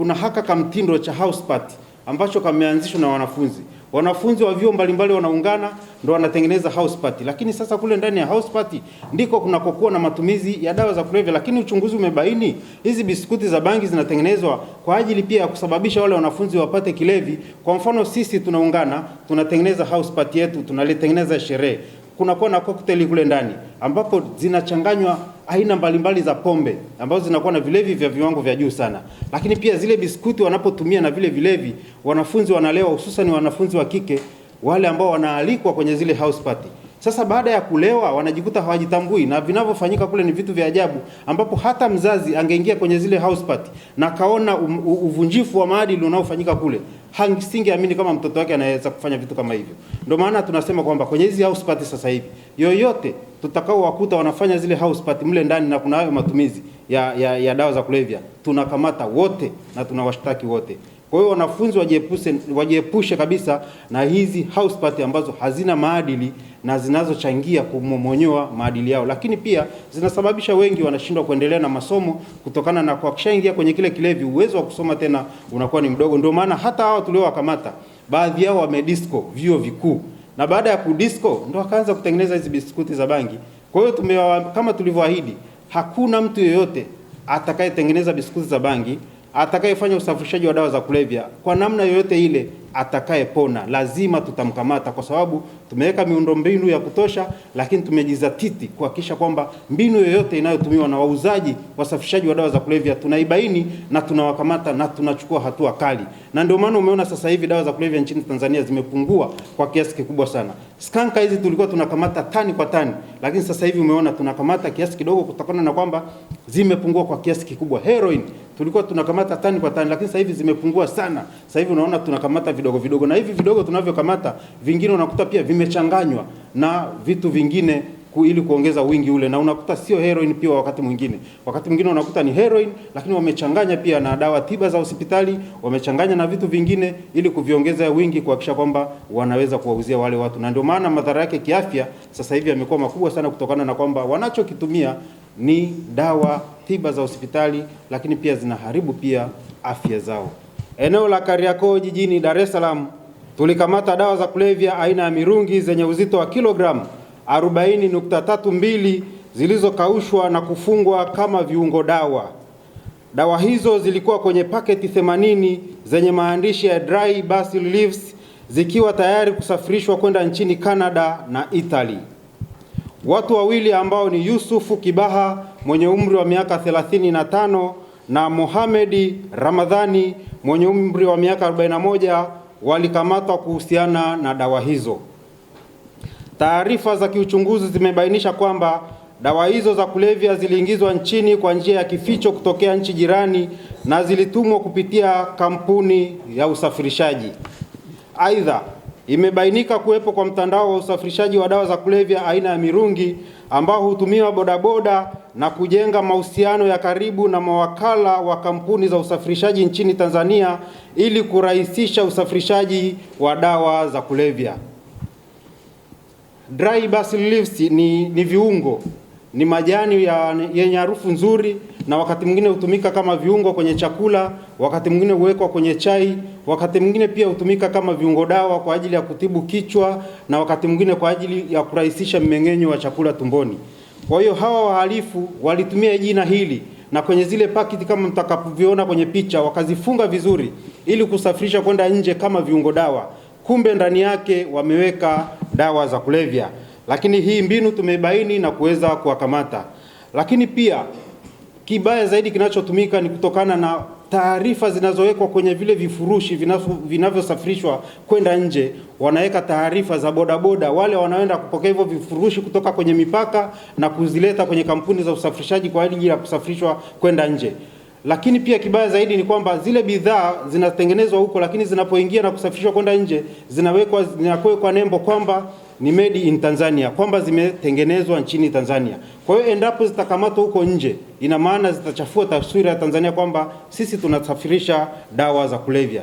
kuna haka kamtindo cha house party ambacho kameanzishwa na wanafunzi. Wanafunzi wa vyuo mbalimbali wanaungana ndo wanatengeneza house party, lakini sasa kule ndani ya house party ndiko kunakokuwa na matumizi ya dawa za kulevya. Lakini uchunguzi umebaini hizi biskuti za bangi zinatengenezwa kwa ajili pia ya kusababisha wale wanafunzi wapate kilevi. Kwa mfano, sisi tunaungana tunatengeneza house party yetu, tunalitengeneza sherehe kunakuwa na cocktail kule ndani ambapo zinachanganywa aina mbalimbali za pombe ambazo zinakuwa na vilevi vya viwango vya juu sana, lakini pia zile biskuti wanapotumia na vile vilevi, wanafunzi wanalewa, hususan wanafunzi wa kike wale ambao wanaalikwa kwenye zile house party. Sasa baada ya kulewa wanajikuta hawajitambui, na vinavyofanyika kule ni vitu vya ajabu, ambapo hata mzazi angeingia kwenye zile house party na kaona uvunjifu wa maadili unaofanyika kule, hangisingeamini kama mtoto wake anaweza kufanya vitu kama hivyo. Ndio maana tunasema kwamba kwenye hizi house party sasa hivi yoyote tutakao wakuta wanafanya zile house party mle ndani na kuna hayo matumizi ya, ya, ya dawa za kulevya, tunakamata wote na tunawashtaki wote. Kwa hiyo wanafunzi wajiepushe, wajiepushe kabisa na hizi house party ambazo hazina maadili na zinazochangia kumomonyoa maadili yao, lakini pia zinasababisha wengi wanashindwa kuendelea na masomo kutokana na kuakishaingia kwenye kile kilevi, uwezo wa kusoma tena unakuwa ni mdogo. Ndio maana hata hao tuliowakamata baadhi yao wamedisco vyuo vikuu, na baada ya kudisco ndio wakaanza kutengeneza hizi biskuti za bangi. Kwa hiyo tumewa, kama tulivyoahidi, hakuna mtu yeyote atakayetengeneza biskuti za bangi atakayefanya usafirishaji wa dawa za kulevya kwa namna yoyote ile, atakayepona lazima tutamkamata, kwa sababu tumeweka miundo mbinu ya kutosha, lakini tumejizatiti kuhakikisha kwamba mbinu yoyote inayotumiwa na wauzaji, wasafirishaji wa dawa za kulevya tunaibaini na tunawakamata na tunachukua hatua kali na ndio maana umeona sasa hivi dawa za kulevya nchini Tanzania zimepungua kwa kiasi kikubwa sana. Skanka hizi tulikuwa tunakamata tani kwa tani, lakini sasa hivi umeona tunakamata kiasi kidogo kutokana na kwamba zimepungua kwa kiasi kikubwa. Heroin tulikuwa tunakamata tani kwa tani, lakini sasa hivi zimepungua sana. Sasa hivi unaona tunakamata vidogo vidogo, na hivi vidogo tunavyokamata, vingine unakuta pia vimechanganywa na vitu vingine ili kuongeza wingi ule, na unakuta sio heroin pia, wakati mwingine wakati mwingine unakuta ni heroin, lakini wamechanganya pia na dawa tiba za hospitali, wamechanganya na vitu vingine ili kuviongeza wingi, kuhakikisha kwamba wanaweza kuwauzia wale watu, na ndio maana madhara yake kiafya sasa hivi yamekuwa makubwa sana, kutokana na kwamba wanachokitumia ni dawa tiba za hospitali, lakini pia zinaharibu pia afya zao. Eneo la Kariakoo jijini Dar es Salaam tulikamata dawa za kulevya aina ya mirungi zenye uzito wa kilogramu 40.32 zilizokaushwa na kufungwa kama viungo dawa. Dawa hizo zilikuwa kwenye paketi 80 zenye maandishi ya dry basil leaves zikiwa tayari kusafirishwa kwenda nchini Canada na Italy. Watu wawili ambao ni Yusufu Kibaha mwenye umri wa miaka 35 na Mohamed Ramadhani mwenye umri wa miaka 41 walikamatwa kuhusiana na dawa hizo. Taarifa za kiuchunguzi zimebainisha kwamba dawa hizo za kulevya ziliingizwa nchini kwa njia ya kificho kutokea nchi jirani na zilitumwa kupitia kampuni ya usafirishaji. Aidha, imebainika kuwepo kwa mtandao wa usafirishaji wa dawa za kulevya aina ya mirungi ambao hutumiwa bodaboda na kujenga mahusiano ya karibu na mawakala wa kampuni za usafirishaji nchini Tanzania ili kurahisisha usafirishaji wa dawa za kulevya. Dry basil leaves ni, ni viungo ni majani ya, yenye harufu nzuri na wakati mwingine hutumika kama viungo kwenye chakula, wakati mwingine huwekwa kwenye chai, wakati mwingine pia hutumika kama viungo dawa kwa ajili ya kutibu kichwa na wakati mwingine kwa ajili ya kurahisisha mmeng'enyo wa chakula tumboni. Kwa hiyo hawa wahalifu walitumia jina hili na kwenye zile pakiti kama mtakapoviona kwenye picha, wakazifunga vizuri ili kusafirisha kwenda nje kama viungo dawa kumbe ndani yake wameweka dawa za kulevya. Lakini hii mbinu tumebaini na kuweza kuwakamata. Lakini pia kibaya zaidi kinachotumika ni kutokana na taarifa zinazowekwa kwenye vile vifurushi vinavyosafirishwa kwenda nje. Wanaweka taarifa za bodaboda wale wanaoenda kupokea hivyo vifurushi kutoka kwenye mipaka na kuzileta kwenye kampuni za usafirishaji kwa ajili ya kusafirishwa kwenda nje. Lakini pia kibaya zaidi ni kwamba zile bidhaa zinatengenezwa huko, lakini zinapoingia na kusafirishwa kwenda nje zinawekwa zinawekwa nembo kwamba ni made in Tanzania, kwamba zimetengenezwa nchini Tanzania. Kwa hiyo endapo zitakamatwa huko nje, ina maana zitachafua taswira ya Tanzania kwamba sisi tunasafirisha dawa za kulevya.